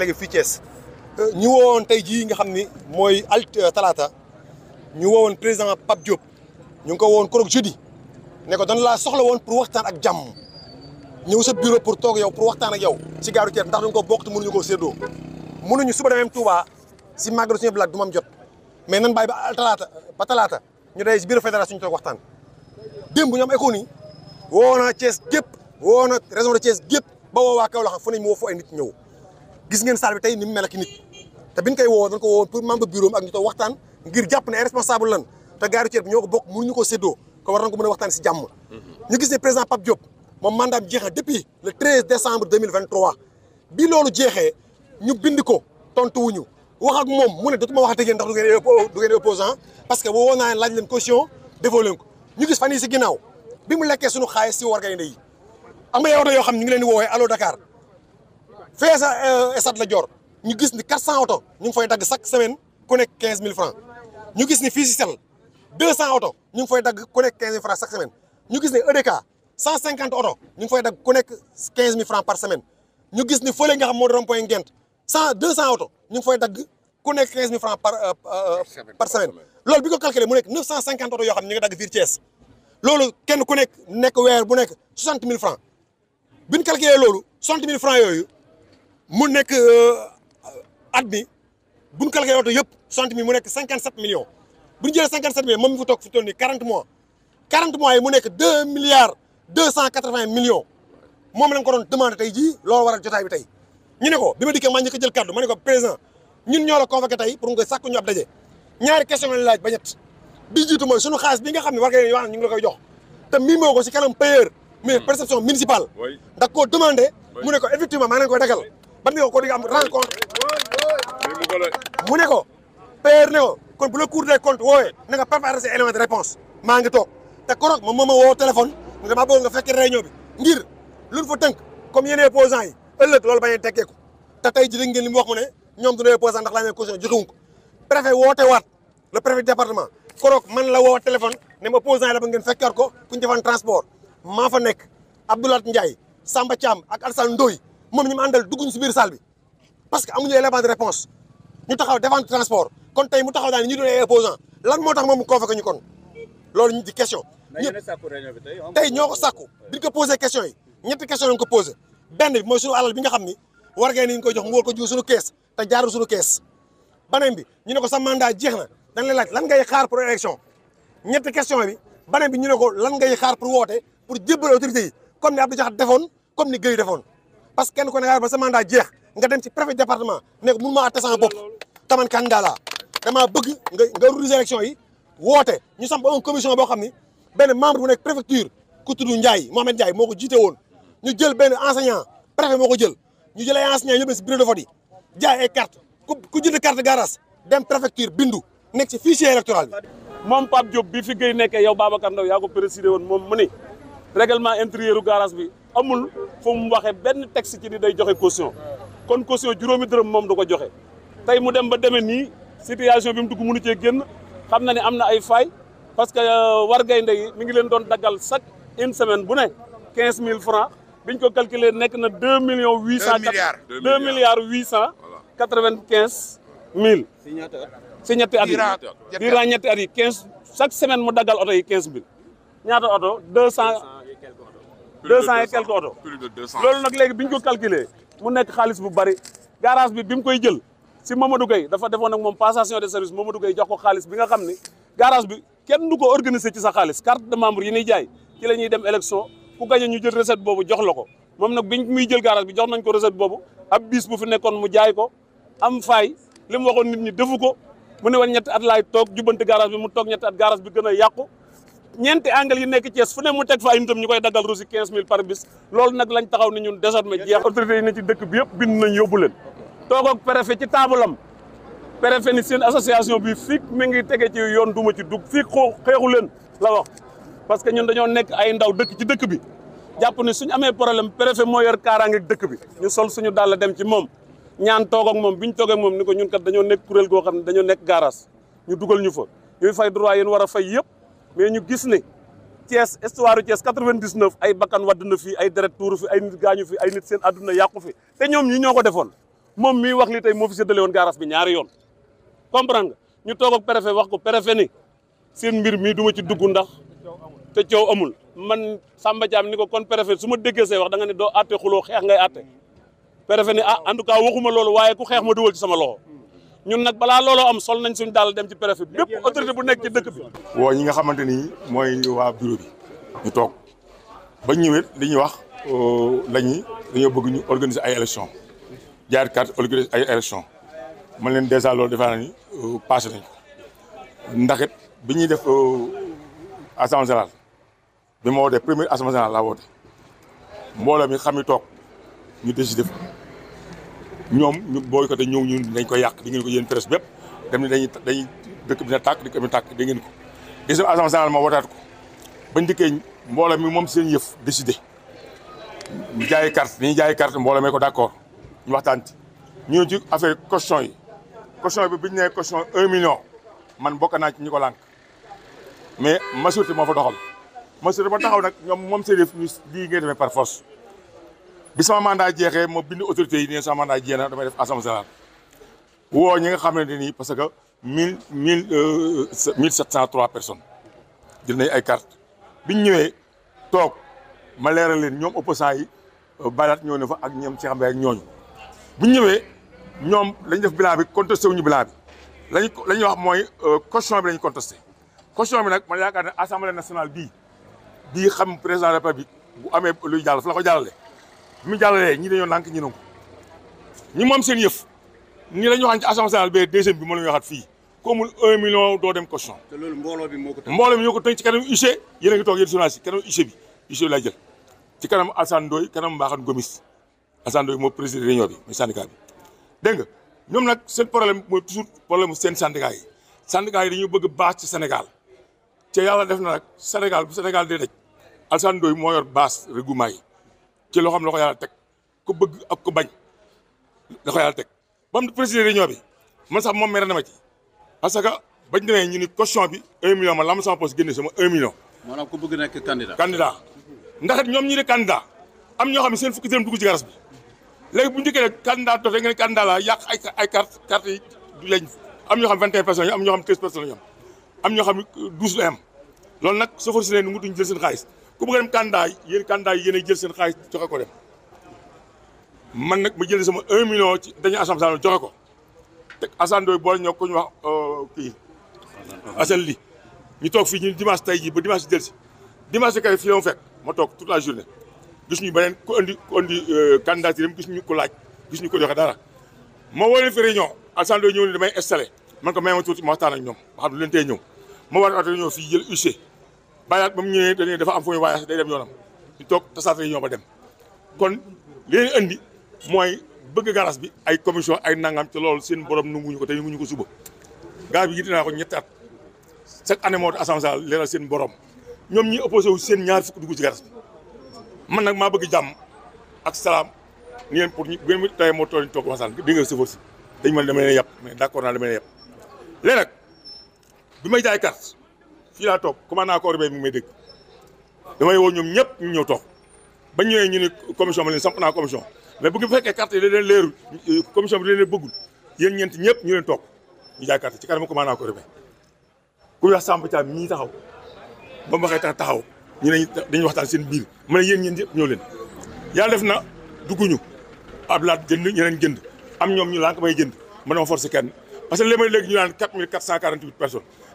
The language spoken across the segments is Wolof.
délégué fii Thiès euh, ñu woowoon tey jii nga xam ni mooy alt euh, talaata ñu woowoon président pap Diop ñu ngi ko woowoon keroog jeudi ne ko dañ laa soxla woon pour waxtaan ak jàmm ñëw sa bureau pour toog yow pour waxtaan ak yow ci gaaru Thiès ndax duñ ko bokk te mënuñu koo séddoo mënuñu suba demee Touba si Maguette suñu blague du ma jot mais nan baay ba talaata ba talaata ñu day si bureau fédération ñu toog waxtaan démb ñu am économie woo naa Thiès gépp woo na région de gépp ba woo waa Kaolack fu ne mu woo foo ñëw gis ngeen salle bi tey ni mu nit te biñ koy woo dañ ko woo pour jàpp ne ay responsable lan te ko bokk mënuñu a waxtaan si jàmm ñu gis ne président Pape Diop moom mandaam jeex na depuis le ñu bind ko tontu wuñu wax ak moom mu ne dootuma waxate yéen ndax que woo naa laaj leen caution defoo leen ko ñu gis fan yi si ginnaaw bi mu lekkee sunu xaalis si wargay nde yi am nga yow yoo xam ñu ngi leen di woowee allo Dakar fee sa euh, Stade Lat ñu gis ni 400 oto ñu ngi fay dagg chaque semaine ku nekk 15000 francs ñu gis ni fii si sel 200 ñu ngi fay dagg ku nekk 15000 francs chaque semaine ñu gis ni EDK 150 oto ñu ngi fay ku nekk 15000 francs par semaine ñu gis ni fële nga xam moo di rond-point Ngent 100 200 oto ñu ngi fay ku nekk 15000 francs euh, euh, par par semaine loolu bi ko calculé mu nekk 950 oto yoo xam ne ñu ngi dagg biir loolu kenn ku nekk nekk weer bu nekk 60000 francs bi ñu calculé loolu 60000 francs yooyu mu nekk euh, at mi bu ñu calculé oto yëpp mu nekk cinquante sept millions bu ñu jëlee cinquante sept millions moom mi fa toog fi toll nii quarante mois quarante mois yi mu nekk deux milliards deux cent quatre vingt tey jii loolu waral jotaay bi tey. ñu ne ko bi ma dikkee maa njëkk a jël kàddu ma ne ko président ñun ñoo la convoqué tey pour nga sàkk ñu ab daje ñaari question lañ laaj ba ñett bi jiitu mooy sunu xaalis bi nga xam ne war nga leen wax ñu ngi la koy jox te miimoo ko si kanam payeur mais hmm. perception municipale da koo demandé mu ne ko effectivement ban nga ko di nga am rencontre mu ne ko PR ne ko kon bu la cour des comptes woowee na nga préparé ses éléments de réponse maa ngi toog te korog moom moo ma woo téléphone ne damaa bëgg nga fekk réunion bi ngir luñ fa tënk comme yeneen opposants yi ëllëg loolu ba a tekkeeku te tey ji ngeen li mu wax mu ne ñoom du ñu opposant ndax laa ne caution joxewuñ ko préfet woote waat le préfet département korog man la woo téléphone ne ma opposant yi la ba ngeen fekkaat ko ku ñu defan transport maa fa nekk Abdoulaye Ndiaye Samba Thiam ak Alassane Ndoye moom ñu mu àndal dugguñu si biir saal bi parce que amuñu élément de réponse ñu taxaw devant transport kon tey mu taxaw daal ñu doon ay opposant lan moo tax moom koo convoqué ñu kon loolu ñu di question. tey ñoo ko sàkku bi ñu ko posé question yi ñetti question lañ ko posé benn bi xam ni war ñu koy jox mu war ko jiw suñu kees te beneen bi ñu ne ko sa mandat jeex na dañ lay laaj lan ngay xaar pour élection ñetti question bi beneen bi ñu ne ko lan ngay xaar pour woote pour jébbal autorité yi comme ni Abdou Diakhaté defoon comme ni defoon parce que kenn ko ne ba sa jeex nga dem ci préfet département ne ko mun ma atte sama bopp taman candidat laa damaa bëgg nga nga organiser yi woote ñu samp un commission boo xam ni benn membre bu nekk préfecture ku tudd Ndiaye Mohamed Ndiaye moo ko jiite woon ñu jël benn enseignant préfet moo ko jël ñu jël ay enseignant yóbbee si bureau de vote yi jaay ay carte ku ku jënd carte garage bindu nekk ci fichier électoral bi moom Pape Diop bi fi yaa ko présidé woon moom mu ni règlement intérieur garage bi amul fu mu waxee benn texte ci day joxe caution kon caution juróomi dërëm moom du ko joxe tey mu dem ba demee nii situation bi mu dugg mënu cee génn xam na ne am na ay faay parce que euh, war gaynde yi mu ngi leen doon daggal chaque une semaine bu ne quinze mille francs biñ ko calculer nekk na deux millions huit cent deux milliards huit cent quatre-vingt-quinze mille si ñetti at yi durant ñetti at yi quinze chaque semaine mu daggal oto yi quinze mille ñaata oto deux cent et quelque oto loolu nag léegi bi ñu ko calculé mu nekk xaalis bu bari garage bi bi mu koy jël si Mamadou Gueye dafa defoon ak moom passation de service Mamadou Gueye jox ko xaalis bi nga xam ne garage bi kenn du ko organiser ci sa xaalis carte de membre yi ñuy jaay ci la ñuy dem élection ku gañe ñu jël recette boobu jox la ko moom nag biñ muy jël garage bi jox nañ ko recette boobu ab bis bu fi nekkoon mu jaay ko am faay li mu waxoon nit ñi defu ko mu ne woon ñetti at laay toog jubbante garage bi mu toog ñetti at garage bi gën a yàqu ñeenti angle yi nekk Thiès fu mu teg fa ay nitam ñu koy daggal rusi quinze mille par bis loolu nag lañ taxaw ni ñun désormais jeex autorités yi ne ci dëkk bi yëpp bind nañ yóbbu leen toog ak préfet ci taabalam préfet ni seen association bi fii mi ngi tege ci yoon duma ci dug fii xoo xeexu leen la wax parce que ñun dañoo nekk ay ndaw dëkk ci dëkk bi jàpp ne suñu amee problème préfet mooy yor kaaraangeeg dëkk bi ñu sol suñu dàll dem ci moom ñaan toog ak moom bi ñu toog moom ni ko ñun kat dañoo nekk kuréel goo xam ne dañoo nekk garage ñu dugal ñu fa ñuy fay droit a fay yëpp mais ñu gis ne Thiès histoire yu Thiès 99 ay bakkan wadd na fi ay deret tuuru fi ay nit gaañu fi ay nit seen àdduna yàqu fi te ñoom ñi ñoo ko defoon moom mii wax li tey moo fi séddale woon gaaraas bi ñaari yoon comprendre nga ñu toog ak wax ko préfet ni seen mbir mii du ma ci dugg ndax te coow amul man Samba Diam ni ko kon préfet su ma déggee say wax danga nga ne doo àtte xuloo xeex ngay àtte préfet ni ah en tout waxuma loolu waaye ku xeex ma dugal ci sama loxo ñun nag balaa looloo am sol nañ suñ daal dem ci préfet bépp autorité bu nekk ci dëkk bi. woo ñi nga xamante ni mooy waa bureau bi ñu toog ba ñëwee li ñuy wax euh, la ñuy dañoo bëgg ñu organise ay élection jaar carte organiser ay élection man leen dèjà loolu defe naa ni euh, passé nañ ko ndax it bi ñuy def euh, assemblée générale bi ma wootee première assemblée générale laa woote mbooloo mi xam ni toog ñu décidé fa ñoom ñu boycotté ñëw ñun dinañ ko yàq di ngeen ko yéen presse bépp dem ne dañuy dañuy dëkk bi na tàkk dëkk bi na tàkk da ngeen ko deuxième assemblée générale ma wataat ko bañ dikkee mbooloo mi moom seen yëf décidé ñu jaay carte dañuy jaay carte mbooloo mee ko d'accord ñu waxtaan ci ñu ci affaire caution yi caution bi biñu nee caution un million man bokk naa ci ñi ko lànk mais majorité moo fa doxal majorité ba taxaw nag ñoom moom seen yëf ñu lii ngay demee par force bi sama mandat jeexee ma bind autorités yi ne sama mandat jeex na damay def assemblée générale woo ñi nga xamante ni parce que mille mille euh, mille sept cent trois personnes jël ay carte biñ ñëwee toog ma leeral leen ñoom opposants yi euh, balaat ñëw na fa ak ñoom Cheikh Mbaye ak ñooñu buñ ñëwee ñoom lañ def bilan bi contesté wuñu bilan bi lañ la ñuy wax mooy euh, caution bi lañ contesté caution bi nag man yaakaar ne assemblée nationale bii bii xam président de la République bu amee luy jàll fa la ko jàllale mu jàllalee ñi dañoo nànk ñi nangu ñi moom seen yëf ñi la ñu waxoon ci assemblée nationale ba deuxième bi moo la ñu waxaat fii ku amul un million doo dem caution. te loolu mbooloo bi moo ko tënk mbooloo bi ñoo ko tënk ci kanam UG yéen a ngi toog yéen journaliste yi kanam UG bi UG bi laa jël ci kanam Alassane Ndoye kanam Mbaxane Gomis Alassane Ndoye moo président réunion bi mooy syndicat bi dégg nga ñoom nag seen problème mooy toujours problème seen syndicat yi syndicat yi dañu bëgg base ci Sénégal te yàlla def na nag Sénégal bu Sénégal dee daj Alassane Ndoye moo yor base regroupement yi ci loo xam la ko bëgg ak ku bañ la ko yàlla teg ba mu président réunion bi man sax moom mere na ma ci parce que bañ demee ñu ni caution bi un million ma lam sama poste génne sama un million. maanaam ku bëgg nekk candidat. candidat ndax ñoom ñi di candidat am ñoo xam ne seen fukki dërëm dugg ci garas bi léegi bu njëkkee rek candidat dof rek la yàq ay ay carte carte yi du lañ am ñoo xam ne vingt et un personnes am ñoo xam ne treize am ñoo xam ne loolu nag soo forcé ne nu jël seen xaalis ku bëgg a dem candidat yéen candidat jël seen xaalis joxe ko dem man nag ma jël ma un million ci dañu Assane Sall joxe ko te Assane Ndoye boole ñoo ko ñu wax euh, kii Assane li ñu toog fii ñu dimanche tey jii ba dimanche jël si dimanche kay fii la mu fekk ma toog toute la journée gis ñu beneen ku ko ku andi candidature euh, yi gis ñu ko laaj gis ñu ko joxe dara ma woo leen fi réunion Assane ñëw ne damay installé man ko may ma tuuti ma waxtaan ak ñoom ma xam ne lu leen tey ñëw ma war a ñëw fii jël UC. bàyyiwaat ba mu ñëwee dañuy dafa am fu ñuy dem yoonam ñu toog tasaafare yi ñoo ba dem kon li leen andi mooy bëgg garas bi ay commission ay nangam ci loolu seen borom nanguñu ko te nanguñu ko suba. garas bi yitte naa ko ñetti at chaque année moo tax assemblée seen borom ñoom ñi opposé wu seen ñaar fukk dugg ci garas bi man nag maa bëgg jàmm ak salaam ni pour ñu bu ngeen tawee moo toll nii toog waxtaan di nga sëfoor si dañ mën dama leen yàpp mais d'accord naa dama leen yàpp léegi nag bi may jaay carte. fii laa toog commandant corps bi mu may dégg damay woo ñoom ñëpp ñu ñëw toog bañ ñëwee ñu ne commission ma leen samp naa commission mais bu fekkee carte yi da leen commission bi da leen bëggul yéen ñeent ñëpp ñu toog ñu jaay carte ci kanam commandant corps bi ku ñu wax Samb Thiam taxaw ba mu waxee taxaw ñu ne dañuy waxtaan seen biir ma ne yéen ñeent ñëpp ñëw leen yàlla def na dugguñu ab laat jënd ñeneen jënd am ñoom ñu lànk jënd mën na ma forcer kenn parce que li may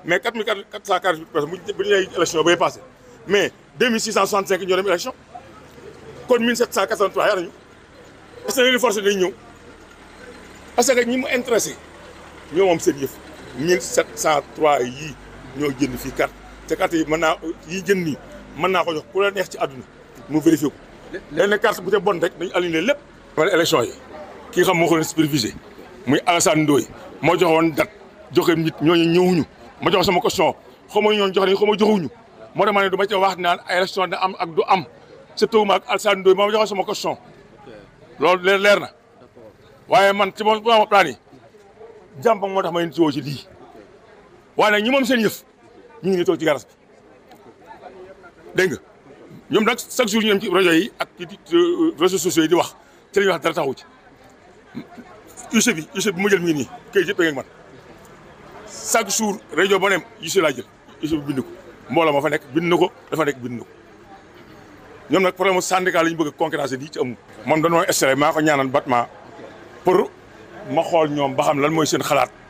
mais 4 448 personnes bu ñu nee élection bay passé mais 2665 ñoo dem élection kon 1783 yaa nañu que leen forcé dañ ñëw parce que ñi mu intéressé ñoo moom seen yëf 1703 yii ñoo jënd fii carte te yi mën naa yi jënd nii mën naa ko jox ku la neex ci àdduna mu vérifié ko lenn carte bu te bon rek dañu aligné lépp wala élection yi kii xam moo ko leen supervisé muy Alassane Ndoye moo joxoon date joxe nit ñooñu ñëwuñu ma jox sama question xaw ma ñoon jox nañ ma joxuñu moo tax ma ne du ma ca wax naan ay élection dina am ak du am surtout maag Alassane Ndoye ma jox sama question loolu leer leer na waaye man ci moom ma moo tax ma indi si woo si lii waaye nag ñi moom seen yëf ñu ngi toog ci garas bi dégg nga ñoom nag chaque jour ñu dem ci rajo yi ak ci réseaux sociaux di wax ci wax dara taxu ci UG bi UG bi mu jël mi ngi nii kayit man chaque jour région ba nem Youssou laa jël Youssou bind ko mbooloo ma fa nekk bind na ko dafa nekk bind na ko ñoom nag problème syndicat la ñu bëgg a concurrencer di amu man moom dañoo installé maa ko ñaanal batma pour ma xool ñoom ba xam lan mooy seen xalaat.